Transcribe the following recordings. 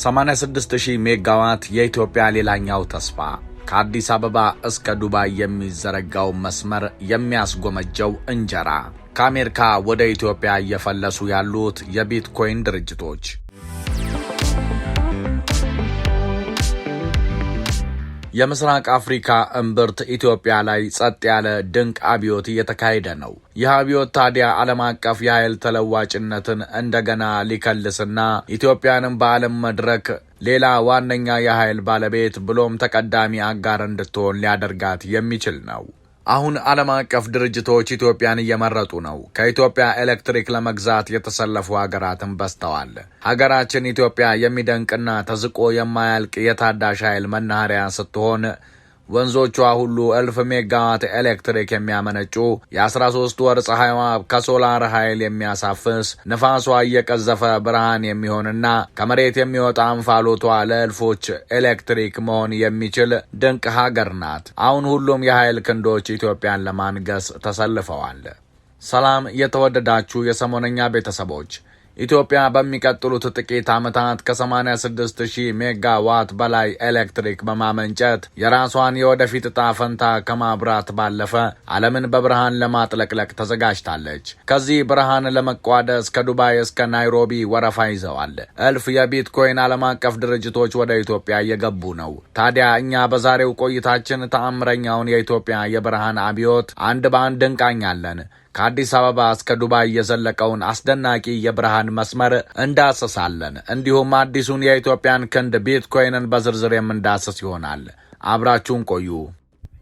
86,000 ሜጋዋት የኢትዮጵያ ሌላኛው ተስፋ ከአዲስ አበባ እስከ ዱባይ የሚዘረጋው መስመር የሚያስጎመጀው እንጀራ ከአሜሪካ ወደ ኢትዮጵያ እየፈለሱ ያሉት የቢትኮይን ድርጅቶች የምስራቅ አፍሪካ እምብርት ኢትዮጵያ ላይ ጸጥ ያለ ድንቅ አብዮት እየተካሄደ ነው። ይህ አብዮት ታዲያ ዓለም አቀፍ የኃይል ተለዋጭነትን እንደገና ሊከልስና ኢትዮጵያንም በዓለም መድረክ ሌላ ዋነኛ የኃይል ባለቤት ብሎም ተቀዳሚ አጋር እንድትሆን ሊያደርጋት የሚችል ነው። አሁን ዓለም አቀፍ ድርጅቶች ኢትዮጵያን እየመረጡ ነው። ከኢትዮጵያ ኤሌክትሪክ ለመግዛት የተሰለፉ ሀገራትን በዝተዋል። ሀገራችን ኢትዮጵያ የሚደንቅና ተዝቆ የማያልቅ የታዳሽ ኃይል መናኸሪያ ስትሆን ወንዞቿ ሁሉ እልፍ ሜጋዋት ኤሌክትሪክ የሚያመነጩ የ13 ወር ፀሐይዋ ከሶላር ኃይል የሚያሳፍስ ንፋሷ እየቀዘፈ ብርሃን የሚሆንና ከመሬት የሚወጣ እንፋሎቷ ለእልፎች ኤሌክትሪክ መሆን የሚችል ድንቅ ሀገር ናት። አሁን ሁሉም የኃይል ክንዶች ኢትዮጵያን ለማንገስ ተሰልፈዋል። ሰላም የተወደዳችሁ የሰሞነኛ ቤተሰቦች ኢትዮጵያ በሚቀጥሉት ጥቂት ዓመታት ከ86,000 ሜጋዋት በላይ ኤሌክትሪክ በማመንጨት የራሷን የወደፊት እጣ ፈንታ ከማብራት ባለፈ ዓለምን በብርሃን ለማጥለቅለቅ ተዘጋጅታለች። ከዚህ ብርሃን ለመቋደስ ከዱባይ እስከ ናይሮቢ ወረፋ ይዘዋል። እልፍ የቢትኮይን ዓለም አቀፍ ድርጅቶች ወደ ኢትዮጵያ እየገቡ ነው። ታዲያ እኛ በዛሬው ቆይታችን ተአምረኛውን የኢትዮጵያ የብርሃን አብዮት አንድ በአንድ እንቃኛለን። ከአዲስ አበባ እስከ ዱባይ የዘለቀውን አስደናቂ የብርሃን መስመር እንዳሰሳለን። እንዲሁም አዲሱን የኢትዮጵያን ክንድ ቢትኮይንን በዝርዝር የምንዳስስ ይሆናል። አብራችሁን ቆዩ።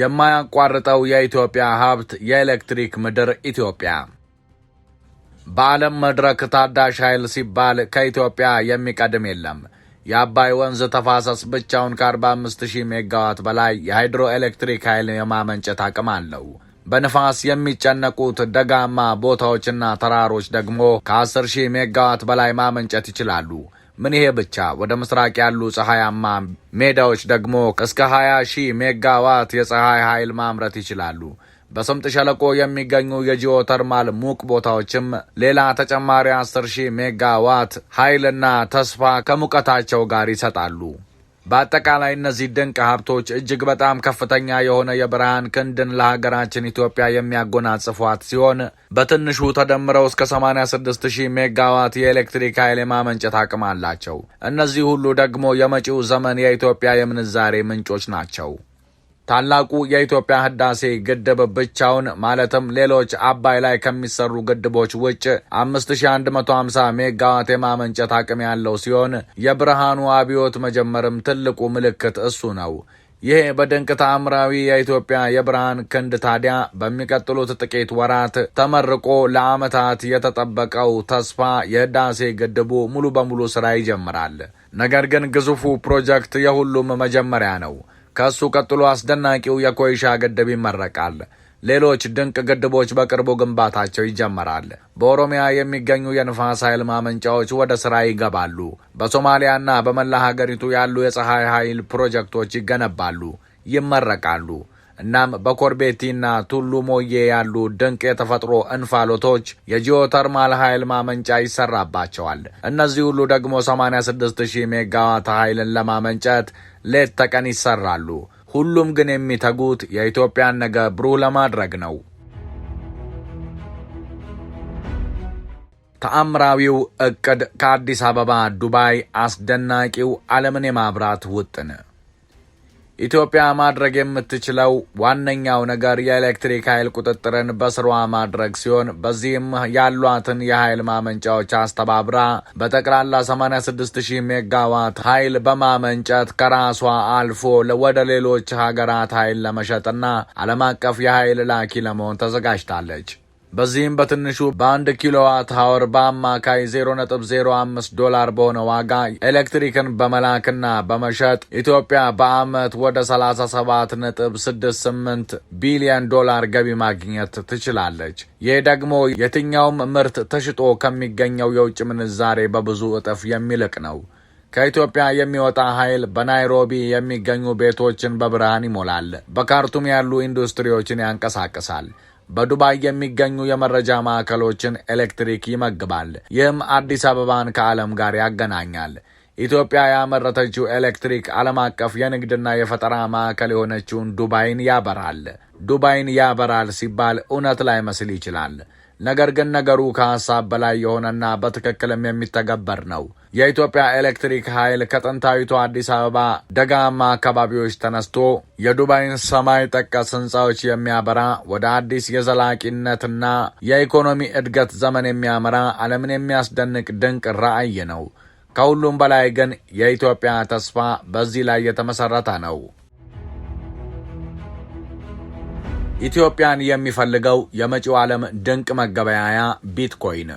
የማያቋርጠው የኢትዮጵያ ሀብት የኤሌክትሪክ ምድር ኢትዮጵያ በዓለም መድረክ ታዳሽ ኃይል ሲባል ከኢትዮጵያ የሚቀድም የለም። የአባይ ወንዝ ተፋሰስ ብቻውን ከ45 ሺህ ሜጋዋት በላይ የሃይድሮ ኤሌክትሪክ ኃይል የማመንጨት አቅም አለው። በንፋስ የሚጨነቁት ደጋማ ቦታዎችና ተራሮች ደግሞ ከ10 ሺህ ሜጋዋት በላይ ማመንጨት ይችላሉ። ምን ይሄ ብቻ ወደ ምስራቅ ያሉ ፀሐያማ ሜዳዎች ደግሞ እስከ 20 ሺህ ሜጋዋት የፀሐይ ኃይል ማምረት ይችላሉ። በስምጥ ሸለቆ የሚገኙ የጂኦተርማል ሙቅ ቦታዎችም ሌላ ተጨማሪ 10 ሺህ ሜጋዋት ኃይልና ተስፋ ከሙቀታቸው ጋር ይሰጣሉ። በአጠቃላይ እነዚህ ድንቅ ሀብቶች እጅግ በጣም ከፍተኛ የሆነ የብርሃን ክንድን ለሀገራችን ኢትዮጵያ የሚያጎናጽፏት ሲሆን በትንሹ ተደምረው እስከ 86000 ሜጋዋት የኤሌክትሪክ ኃይል የማመንጨት አቅም አላቸው። እነዚህ ሁሉ ደግሞ የመጪው ዘመን የኢትዮጵያ የምንዛሬ ምንጮች ናቸው። ታላቁ የኢትዮጵያ ህዳሴ ግድብ ብቻውን ማለትም ሌሎች አባይ ላይ ከሚሰሩ ግድቦች ውጭ 5150 ሜጋዋት የማመንጨት አቅም ያለው ሲሆን የብርሃኑ አብዮት መጀመርም ትልቁ ምልክት እሱ ነው። ይሄ በድንቅ ተአምራዊ የኢትዮጵያ የብርሃን ክንድ ታዲያ በሚቀጥሉት ጥቂት ወራት ተመርቆ ለዓመታት የተጠበቀው ተስፋ የህዳሴ ግድቡ ሙሉ በሙሉ ስራ ይጀምራል። ነገር ግን ግዙፉ ፕሮጀክት የሁሉም መጀመሪያ ነው። ከእሱ ቀጥሎ አስደናቂው የኮይሻ ግድብ ይመረቃል። ሌሎች ድንቅ ግድቦች በቅርቡ ግንባታቸው ይጀመራል። በኦሮሚያ የሚገኙ የንፋስ ኃይል ማመንጫዎች ወደ ስራ ይገባሉ። በሶማሊያና በመላ ሀገሪቱ ያሉ የፀሐይ ኃይል ፕሮጀክቶች ይገነባሉ፣ ይመረቃሉ። እናም በኮርቤቲና ቱሉ ሞዬ ያሉ ድንቅ የተፈጥሮ እንፋሎቶች የጂኦተርማል ኃይል ማመንጫ ይሰራባቸዋል። እነዚህ ሁሉ ደግሞ 86000 ሜጋዋት ኃይልን ለማመንጨት ሌት ተቀን ይሰራሉ። ሁሉም ግን የሚተጉት የኢትዮጵያን ነገ ብሩህ ለማድረግ ነው። ተአምራዊው እቅድ ከአዲስ አበባ ዱባይ፣ አስደናቂው ዓለምን የማብራት ውጥን ኢትዮጵያ ማድረግ የምትችለው ዋነኛው ነገር የኤሌክትሪክ ኃይል ቁጥጥርን በስሯ ማድረግ ሲሆን በዚህም ያሏትን የኃይል ማመንጫዎች አስተባብራ በጠቅላላ 86000 ሜጋዋት ኃይል በማመንጨት ከራሷ አልፎ ወደ ሌሎች ሀገራት ኃይል ለመሸጥና ዓለም አቀፍ የኃይል ላኪ ለመሆን ተዘጋጅታለች። በዚህም በትንሹ በአንድ ኪሎዋት ሀወር በአማካይ 0.05 ዶላር በሆነ ዋጋ ኤሌክትሪክን በመላክና በመሸጥ ኢትዮጵያ በዓመት ወደ 37.68 ቢሊዮን ዶላር ገቢ ማግኘት ትችላለች። ይህ ደግሞ የትኛውም ምርት ተሽጦ ከሚገኘው የውጭ ምንዛሬ በብዙ እጥፍ የሚልቅ ነው። ከኢትዮጵያ የሚወጣ ኃይል በናይሮቢ የሚገኙ ቤቶችን በብርሃን ይሞላል፣ በካርቱም ያሉ ኢንዱስትሪዎችን ያንቀሳቅሳል። በዱባይ የሚገኙ የመረጃ ማዕከሎችን ኤሌክትሪክ ይመግባል። ይህም አዲስ አበባን ከዓለም ጋር ያገናኛል። ኢትዮጵያ ያመረተችው ኤሌክትሪክ ዓለም አቀፍ የንግድና የፈጠራ ማዕከል የሆነችውን ዱባይን ያበራል። ዱባይን ያበራል ሲባል እውነት ላይ መስል ይችላል። ነገር ግን ነገሩ ከሀሳብ በላይ የሆነና በትክክልም የሚተገበር ነው። የኢትዮጵያ ኤሌክትሪክ ኃይል ከጥንታዊቱ አዲስ አበባ ደጋማ አካባቢዎች ተነስቶ የዱባይን ሰማይ ጠቀስ ህንፃዎች የሚያበራ ወደ አዲስ የዘላቂነትና የኢኮኖሚ እድገት ዘመን የሚያመራ ዓለምን የሚያስደንቅ ድንቅ ራዕይ ነው። ከሁሉም በላይ ግን የኢትዮጵያ ተስፋ በዚህ ላይ የተመሠረተ ነው። ኢትዮጵያን የሚፈልገው የመጪው ዓለም ድንቅ መገበያያ ቢትኮይን።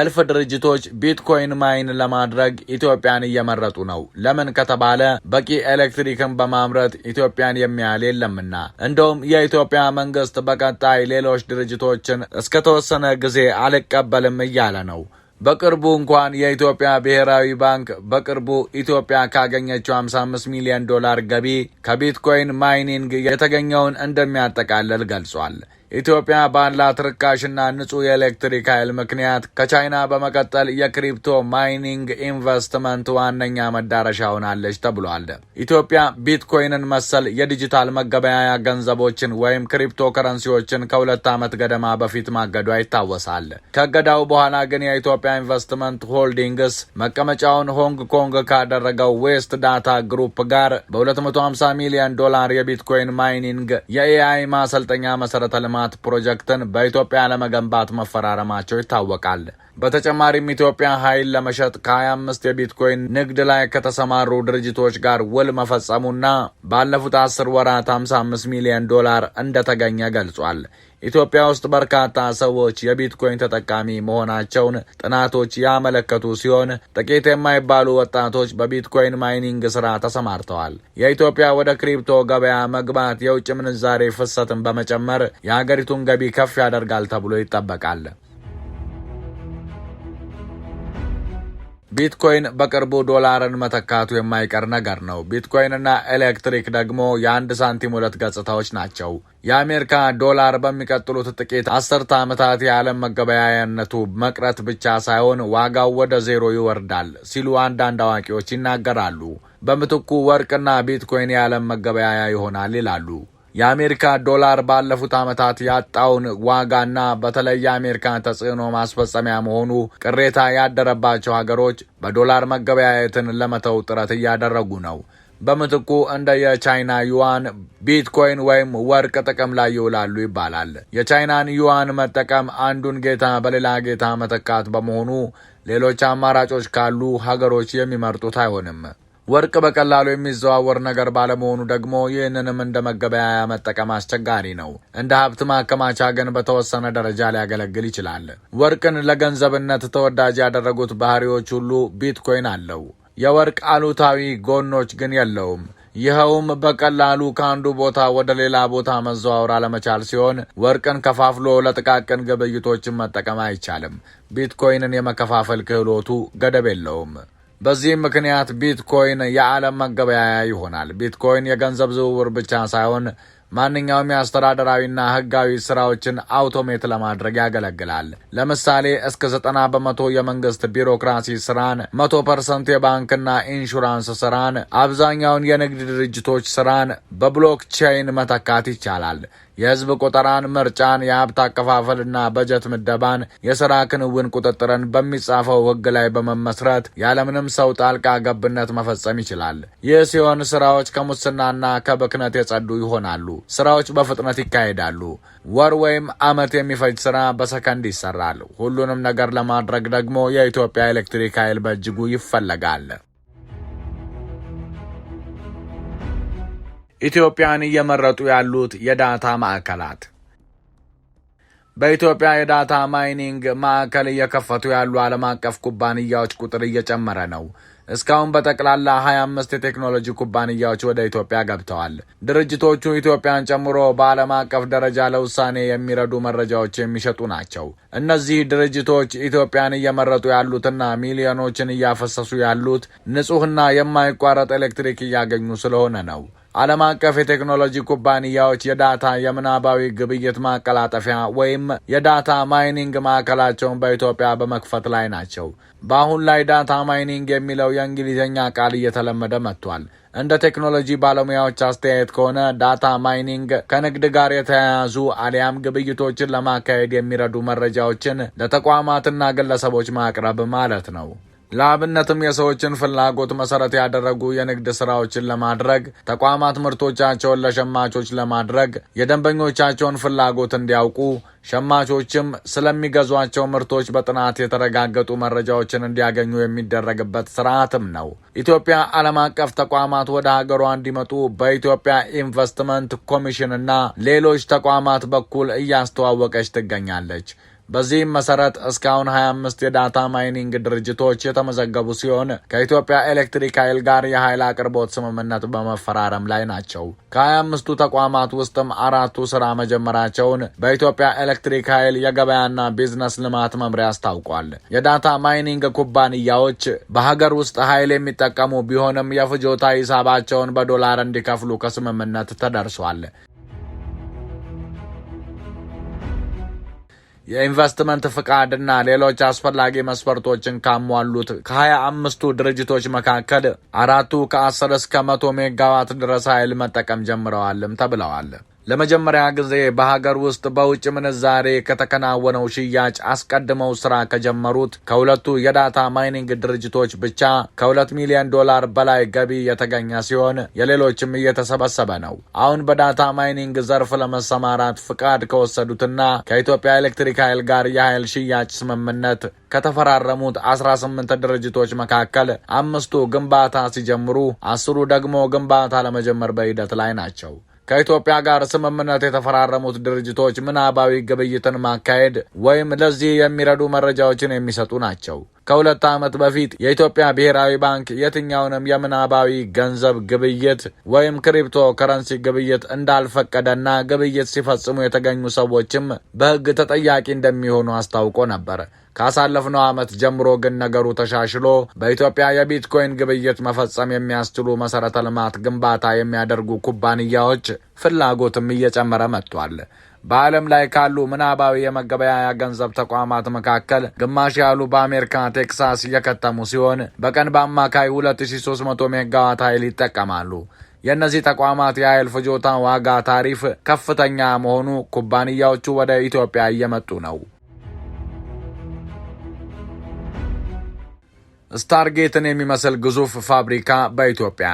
እልፍ ድርጅቶች ቢትኮይን ማይን ለማድረግ ኢትዮጵያን እየመረጡ ነው። ለምን ከተባለ በቂ ኤሌክትሪክን በማምረት ኢትዮጵያን የሚያህል የለምና። እንደውም የኢትዮጵያ መንግስት በቀጣይ ሌሎች ድርጅቶችን እስከተወሰነ ጊዜ አልቀበልም እያለ ነው። በቅርቡ እንኳን የኢትዮጵያ ብሔራዊ ባንክ በቅርቡ ኢትዮጵያ ካገኘችው 55 ሚሊዮን ዶላር ገቢ ከቢትኮይን ማይኒንግ የተገኘውን እንደሚያጠቃልል ገልጿል። ኢትዮጵያ ባላት ርካሽና ንጹህ የኤሌክትሪክ ኃይል ምክንያት ከቻይና በመቀጠል የክሪፕቶ ማይኒንግ ኢንቨስትመንት ዋነኛ መዳረሻ ሆናለች ተብሏል። ኢትዮጵያ ቢትኮይንን መሰል የዲጂታል መገበያያ ገንዘቦችን ወይም ክሪፕቶ ከረንሲዎችን ከሁለት ዓመት ገደማ በፊት ማገዷ ይታወሳል። ከገዳው በኋላ ግን የኢትዮጵያ ኢንቨስትመንት ሆልዲንግስ መቀመጫውን ሆንግ ኮንግ ካደረገው ዌስት ዳታ ግሩፕ ጋር በ250 ሚሊዮን ዶላር የቢትኮይን ማይኒንግ የኤአይ ማሰልጠኛ መሰረተ ልማ ልማት ፕሮጀክትን በኢትዮጵያ ለመገንባት መፈራረማቸው ይታወቃል። በተጨማሪም ኢትዮጵያ ኃይል ለመሸጥ ከ25 የቢትኮይን ንግድ ላይ ከተሰማሩ ድርጅቶች ጋር ውል መፈጸሙና ባለፉት 10 ወራት 55 ሚሊዮን ዶላር እንደተገኘ ገልጿል። ኢትዮጵያ ውስጥ በርካታ ሰዎች የቢትኮይን ተጠቃሚ መሆናቸውን ጥናቶች ያመለከቱ ሲሆን ጥቂት የማይባሉ ወጣቶች በቢትኮይን ማይኒንግ ስራ ተሰማርተዋል። የኢትዮጵያ ወደ ክሪፕቶ ገበያ መግባት የውጭ ምንዛሬ ፍሰትን በመጨመር የሀገሪቱን ገቢ ከፍ ያደርጋል ተብሎ ይጠበቃል። ቢትኮይን በቅርቡ ዶላርን መተካቱ የማይቀር ነገር ነው። ቢትኮይንና ኤሌክትሪክ ደግሞ የአንድ ሳንቲም ሁለት ገጽታዎች ናቸው። የአሜሪካ ዶላር በሚቀጥሉት ጥቂት አስርተ ዓመታት የዓለም መገበያያነቱ መቅረት ብቻ ሳይሆን ዋጋው ወደ ዜሮ ይወርዳል ሲሉ አንዳንድ አዋቂዎች ይናገራሉ። በምትኩ ወርቅና ቢትኮይን የዓለም መገበያያ ይሆናል ይላሉ። የአሜሪካ ዶላር ባለፉት ዓመታት ያጣውን ዋጋና በተለይ የአሜሪካ ተጽዕኖ ማስፈጸሚያ መሆኑ ቅሬታ ያደረባቸው ሀገሮች በዶላር መገበያየትን ለመተው ጥረት እያደረጉ ነው። በምትኩ እንደ የቻይና ዩዋን፣ ቢትኮይን ወይም ወርቅ ጥቅም ላይ ይውላሉ ይባላል። የቻይናን ዩዋን መጠቀም አንዱን ጌታ በሌላ ጌታ መተካት በመሆኑ ሌሎች አማራጮች ካሉ ሀገሮች የሚመርጡት አይሆንም። ወርቅ በቀላሉ የሚዘዋወር ነገር ባለመሆኑ ደግሞ ይህንንም እንደ መገበያያ መጠቀም አስቸጋሪ ነው። እንደ ሀብት ማከማቻ ግን በተወሰነ ደረጃ ሊያገለግል ይችላል። ወርቅን ለገንዘብነት ተወዳጅ ያደረጉት ባህሪዎች ሁሉ ቢትኮይን አለው። የወርቅ አሉታዊ ጎኖች ግን የለውም። ይኸውም በቀላሉ ከአንዱ ቦታ ወደ ሌላ ቦታ መዘዋወር አለመቻል ሲሆን ወርቅን ከፋፍሎ ለጥቃቅን ግብይቶችን መጠቀም አይቻልም። ቢትኮይንን የመከፋፈል ክህሎቱ ገደብ የለውም። በዚህም ምክንያት ቢትኮይን የዓለም መገበያያ ይሆናል። ቢትኮይን የገንዘብ ዝውውር ብቻ ሳይሆን ማንኛውም የአስተዳደራዊና ሕጋዊ ስራዎችን አውቶሜት ለማድረግ ያገለግላል። ለምሳሌ እስከ ዘጠና በመቶ የመንግስት ቢሮክራሲ ስራን፣ መቶ ፐርሰንት የባንክና ኢንሹራንስ ስራን፣ አብዛኛውን የንግድ ድርጅቶች ስራን በብሎክቼይን መተካት ይቻላል። የህዝብ ቁጠራን፣ ምርጫን፣ የሀብት አከፋፈልና በጀት ምደባን፣ የስራ ክንውን ቁጥጥርን በሚጻፈው ህግ ላይ በመመስረት ያለምንም ሰው ጣልቃ ገብነት መፈጸም ይችላል። ይህ ሲሆን ስራዎች ከሙስናና ከብክነት የጸዱ ይሆናሉ። ስራዎች በፍጥነት ይካሄዳሉ። ወር ወይም አመት የሚፈጅ ስራ በሰከንድ ይሰራል። ሁሉንም ነገር ለማድረግ ደግሞ የኢትዮጵያ ኤሌክትሪክ ኃይል በእጅጉ ይፈለጋል። ኢትዮጵያን እየመረጡ ያሉት የዳታ ማዕከላት በኢትዮጵያ የዳታ ማይኒንግ ማዕከል እየከፈቱ ያሉ ዓለም አቀፍ ኩባንያዎች ቁጥር እየጨመረ ነው። እስካሁን በጠቅላላ 25 የቴክኖሎጂ ኩባንያዎች ወደ ኢትዮጵያ ገብተዋል። ድርጅቶቹ ኢትዮጵያን ጨምሮ በዓለም አቀፍ ደረጃ ለውሳኔ የሚረዱ መረጃዎች የሚሸጡ ናቸው። እነዚህ ድርጅቶች ኢትዮጵያን እየመረጡ ያሉትና ሚሊዮኖችን እያፈሰሱ ያሉት ንጹሕና የማይቋረጥ ኤሌክትሪክ እያገኙ ስለሆነ ነው። ዓለም አቀፍ የቴክኖሎጂ ኩባንያዎች የዳታ የምናባዊ ግብይት ማቀላጠፊያ ወይም የዳታ ማይኒንግ ማዕከላቸውን በኢትዮጵያ በመክፈት ላይ ናቸው። በአሁን ላይ ዳታ ማይኒንግ የሚለው የእንግሊዝኛ ቃል እየተለመደ መጥቷል። እንደ ቴክኖሎጂ ባለሙያዎች አስተያየት ከሆነ ዳታ ማይኒንግ ከንግድ ጋር የተያያዙ አሊያም ግብይቶችን ለማካሄድ የሚረዱ መረጃዎችን ለተቋማትና ግለሰቦች ማቅረብ ማለት ነው። ለአብነትም የሰዎችን ፍላጎት መሰረት ያደረጉ የንግድ ስራዎችን ለማድረግ ተቋማት ምርቶቻቸውን ለሸማቾች ለማድረግ የደንበኞቻቸውን ፍላጎት እንዲያውቁ ሸማቾችም ስለሚገዟቸው ምርቶች በጥናት የተረጋገጡ መረጃዎችን እንዲያገኙ የሚደረግበት ስርዓትም ነው። ኢትዮጵያ ዓለም አቀፍ ተቋማት ወደ ሀገሯ እንዲመጡ በኢትዮጵያ ኢንቨስትመንት ኮሚሽንና ሌሎች ተቋማት በኩል እያስተዋወቀች ትገኛለች። በዚህም መሰረት እስካሁን 25 የዳታ ማይኒንግ ድርጅቶች የተመዘገቡ ሲሆን ከኢትዮጵያ ኤሌክትሪክ ኃይል ጋር የኃይል አቅርቦት ስምምነት በመፈራረም ላይ ናቸው። ከ25ቱ ተቋማት ውስጥም አራቱ ስራ መጀመራቸውን በኢትዮጵያ ኤሌክትሪክ ኃይል የገበያና ቢዝነስ ልማት መምሪያ አስታውቋል። የዳታ ማይኒንግ ኩባንያዎች በሀገር ውስጥ ኃይል የሚጠቀሙ ቢሆንም የፍጆታ ሂሳባቸውን በዶላር እንዲከፍሉ ከስምምነት ተደርሷል። የኢንቨስትመንት ፍቃድና ሌሎች አስፈላጊ መስፈርቶችን ካሟሉት ከሀያ አምስቱ ድርጅቶች መካከል አራቱ ከአስር እስከ መቶ ሜጋዋት ድረስ ኃይል መጠቀም ጀምረዋልም ተብለዋል። ለመጀመሪያ ጊዜ በሀገር ውስጥ በውጭ ምንዛሬ ከተከናወነው ሽያጭ አስቀድመው ስራ ከጀመሩት ከሁለቱ የዳታ ማይኒንግ ድርጅቶች ብቻ ከሁለት ሚሊዮን ዶላር በላይ ገቢ የተገኘ ሲሆን የሌሎችም እየተሰበሰበ ነው። አሁን በዳታ ማይኒንግ ዘርፍ ለመሰማራት ፍቃድ ከወሰዱትና ከኢትዮጵያ ኤሌክትሪክ ኃይል ጋር የኃይል ሽያጭ ስምምነት ከተፈራረሙት 18 ድርጅቶች መካከል አምስቱ ግንባታ ሲጀምሩ፣ አስሩ ደግሞ ግንባታ ለመጀመር በሂደት ላይ ናቸው። ከኢትዮጵያ ጋር ስምምነት የተፈራረሙት ድርጅቶች ምናባዊ ግብይትን ማካሄድ ወይም ለዚህ የሚረዱ መረጃዎችን የሚሰጡ ናቸው። ከሁለት ዓመት በፊት የኢትዮጵያ ብሔራዊ ባንክ የትኛውንም የምናባዊ ገንዘብ ግብይት ወይም ክሪፕቶ ከረንሲ ግብይት እንዳልፈቀደና ግብይት ሲፈጽሙ የተገኙ ሰዎችም በሕግ ተጠያቂ እንደሚሆኑ አስታውቆ ነበር። ካሳለፍነው ዓመት ጀምሮ ግን ነገሩ ተሻሽሎ በኢትዮጵያ የቢትኮይን ግብይት መፈጸም የሚያስችሉ መሰረተ ልማት ግንባታ የሚያደርጉ ኩባንያዎች ፍላጎትም እየጨመረ መጥቷል። በዓለም ላይ ካሉ ምናባዊ የመገበያያ ገንዘብ ተቋማት መካከል ግማሽ ያሉ በአሜሪካ ቴክሳስ እየከተሙ ሲሆን በቀን በአማካይ 2300 ሜጋዋት ኃይል ይጠቀማሉ። የእነዚህ ተቋማት የኃይል ፍጆታ ዋጋ ታሪፍ ከፍተኛ መሆኑ ኩባንያዎቹ ወደ ኢትዮጵያ እየመጡ ነው። ስታርጌትን የሚመስል ግዙፍ ፋብሪካ በኢትዮጵያ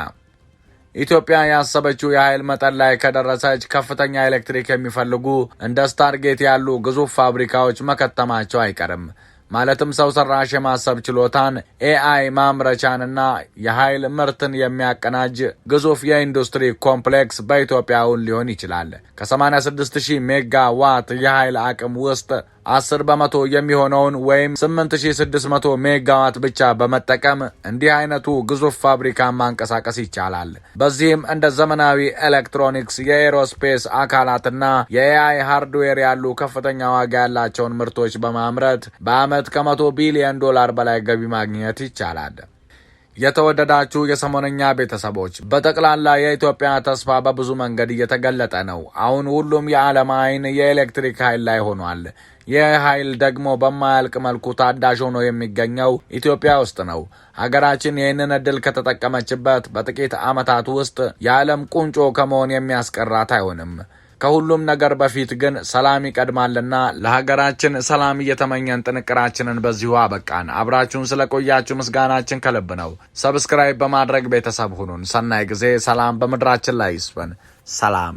ኢትዮጵያ ያሰበችው የኃይል መጠን ላይ ከደረሰች ከፍተኛ ኤሌክትሪክ የሚፈልጉ እንደ ስታርጌት ያሉ ግዙፍ ፋብሪካዎች መከተማቸው አይቀርም። ማለትም ሰው ሰራሽ የማሰብ ችሎታን ኤአይ ማምረቻንና የኃይል ምርትን የሚያቀናጅ ግዙፍ የኢንዱስትሪ ኮምፕሌክስ በኢትዮጵያ በኢትዮጵያውን ሊሆን ይችላል። ከ86000 ሜጋ ዋት የኃይል አቅም ውስጥ 10 በመቶ የሚሆነውን ወይም 8600 ሜጋዋት ብቻ በመጠቀም እንዲህ አይነቱ ግዙፍ ፋብሪካ ማንቀሳቀስ ይቻላል። በዚህም እንደ ዘመናዊ ኤሌክትሮኒክስ፣ የኤሮስፔስ አካላትና የኤአይ ሃርድዌር ያሉ ከፍተኛ ዋጋ ያላቸውን ምርቶች በማምረት በዓመት ከመቶ ቢሊዮን ዶላር በላይ ገቢ ማግኘት ይቻላል። የተወደዳችሁ የሰሞነኛ ቤተሰቦች በጠቅላላ የኢትዮጵያ ተስፋ በብዙ መንገድ እየተገለጠ ነው። አሁን ሁሉም የዓለም አይን የኤሌክትሪክ ኃይል ላይ ሆኗል። ይህ ኃይል ደግሞ በማያልቅ መልኩ ታዳሽ ሆኖ የሚገኘው ኢትዮጵያ ውስጥ ነው። ሀገራችን ይህንን እድል ከተጠቀመችበት በጥቂት ዓመታት ውስጥ የዓለም ቁንጮ ከመሆን የሚያስቀራት አይሆንም። ከሁሉም ነገር በፊት ግን ሰላም ይቀድማልና ለሀገራችን ሰላም እየተመኘን ጥንቅራችንን በዚሁ አበቃን። አብራችሁን ስለቆያችሁ ምስጋናችን ከልብ ነው። ሰብስክራይብ በማድረግ ቤተሰብ ሁኑን። ሰናይ ጊዜ። ሰላም በምድራችን ላይ ይስፈን። ሰላም